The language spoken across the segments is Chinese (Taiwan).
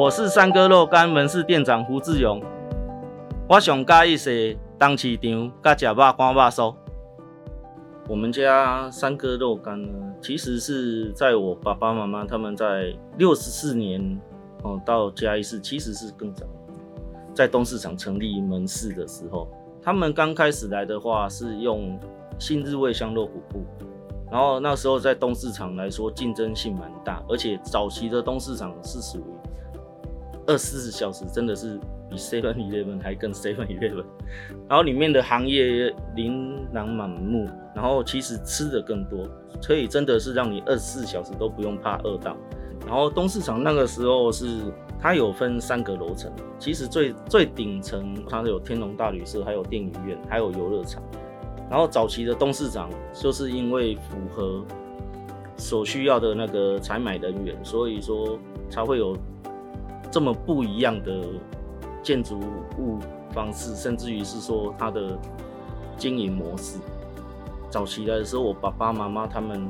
我是三哥肉乾門市店長胡志湧，我想嘉義市東市場，甲吃肉乾肉酥。我們家三哥肉乾呢，其實是在我爸爸媽媽他們在六十四年，嗯，到嘉義市其實是更早，在東市場成立門市的時候，他們剛開始來的話是用新日味香肉脯部，然後那時候在東市場來說競爭性蠻大，而且早期的東市場是屬於。二四十小時真的是比 Seven Eleven 還更 Seven Eleven，然後裡面的行業琳琅滿目，然後其實吃的更多，所以真的是讓你二十四小時都不用怕餓到。然後東市場那個時候是它有分三個樓層，其實最最頂層它是有天龍大旅社，還有電影院，還有遊樂場。然後早期的東市場就是因為符合所需要的那個採買的人員，所以說才會有。這麼不一樣的建築物方式，甚至於是說它的經營模式。早期來的時候，我爸爸媽媽他們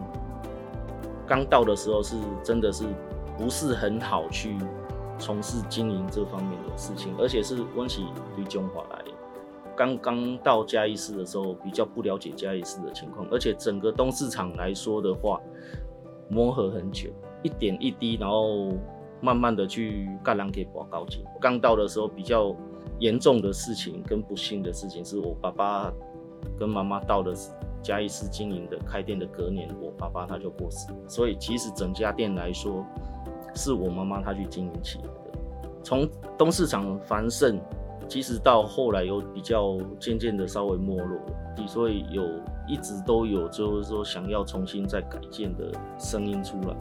剛到的時候是真的是不是很好去從事經營這方面的事情，而且是溫習對彰化來剛剛到嘉義市的時候，比較不了解嘉義市的情況，而且整個東市場來說的話，磨合很久，一點一滴，然後。慢慢的去幹，讓給我搞起。剛到的時候，比較嚴重的事情跟不幸的事情，是我爸爸跟媽媽到的嘉義市經營的開店的隔年，我爸爸他就過世。所以其實整家店來說，是我媽媽她去經營起來的。從東市場繁盛，其實到後來又比較漸漸的稍微沒落，所以有一直都有就是說想要重新再改建的聲音出來。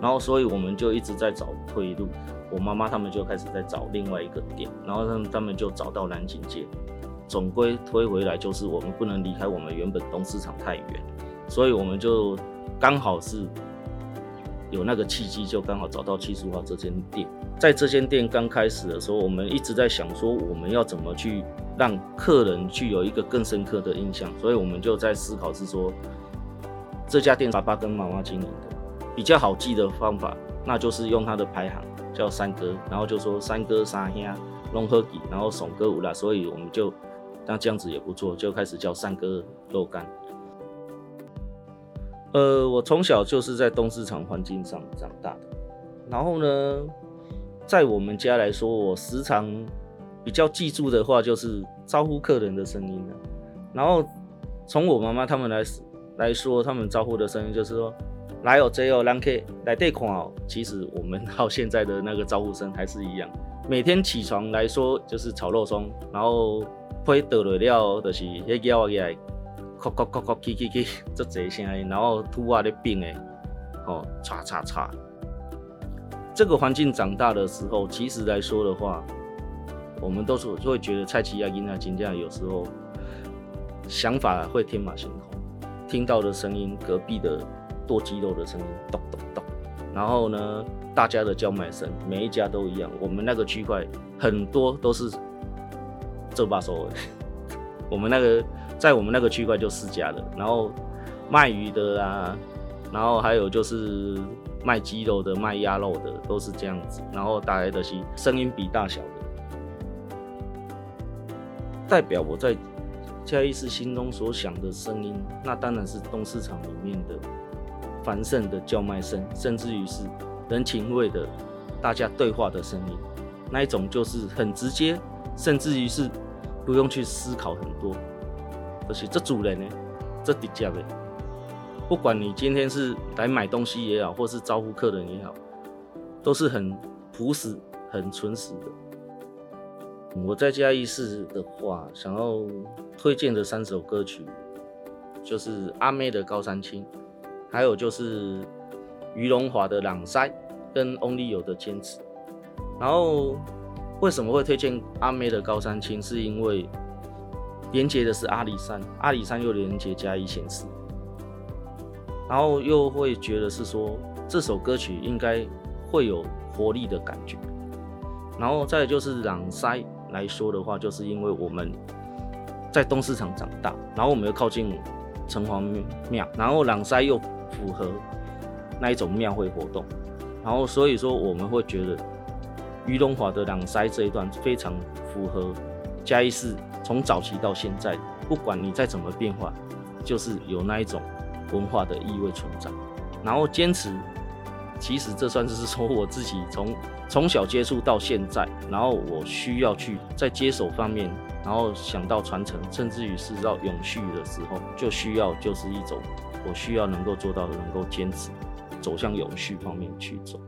然後，所以我們就一直在找退路。我媽媽他們就開始在找另外一個店，然後他們他們就找到南景街，總歸推回來就是我們不能離開我們原本東市場太遠，所以我們就剛好是有那個契機，就剛好找到七十五號這間店。在這間店剛開始的時候，我們一直在想說我們要怎麼去讓客人去有一個更深刻的印象，所以我們就在思考是說這家店爸爸跟媽媽經營的。比較好記的方法，那就是用它的排行叫三哥，然後就說三哥三兄龍和弟，然後慫哥五啦，所以我們就那這樣子也不錯，就開始叫三哥肉乾。呃，我從小就是在東市場環境上長大的，然後呢，在我們家來說，我時常比較記住的話就是招呼客人的聲音，然後從我媽媽他們來來說，他們招呼的聲音就是說。來哦，坐喔！裡面看喔！其實我們到現在的那個招呼聲還是一樣。每天起床來說就是炒肉鬆，然後配抖落了，就是迄個也也、啊，咳咳咳咳，咳咳咳，做坐聲音，然後吐瓦咧冰的，哦，叉叉叉。這個環境長大的時候，其實來說的話，我們都是會覺得蔡啟亞跟他親家有時候想法會天馬行空，聽到的聲音隔壁的。剁雞肉的聲音，咚咚咚，然後呢，大家的叫賣聲，每一家都一樣。我們那個區塊很多都是這把手 我們那個在我們那個區塊就四家的，然後賣魚的啊，然後還有就是賣雞肉的、賣鴨肉的，都是這樣子。然後大家都是聲音比大小的，代表我在嘉義市心中所想的聲音，那當然是東市場裡面的。繁盛的叫賣聲，甚至於是人情味的大家對話的聲音，那一種就是很直接，甚至於是不用去思考很多。而且這主人呢，這店家呢，不管你今天是來買東西也好，或是招呼客人也好，都是很樸實、很純實的。我在嘉義市的話，想要推薦的三首歌曲，就是阿妹的高三《高山青》。還有就是俞隆華的《朗塞》跟翁立友的《堅持》，然後為什麼會推薦阿妹的《高山青》？是因為連接的是阿里山，阿里山又連接嘉義縣市，然後又會覺得是說這首歌曲應該會有活力的感覺。然後再就是《朗塞》來說的話，就是因為我們在東市場長大，然後我們又靠近城隍廟，然後《朗塞》又。符合那一種廟會活動，然後所以說我們會覺得於龍華的兩腮這一段非常符合嘉義市從早期到現在，不管你再怎麼變化，就是有那一種文化的意味存在。然後堅持，其實這算是說我自己從從小接觸到現在，然後我需要去在接手方面，然後想到傳承，甚至於是到永續的時候，就需要就是一種。我需要能夠做到的，能夠堅持，走向有序方面去走。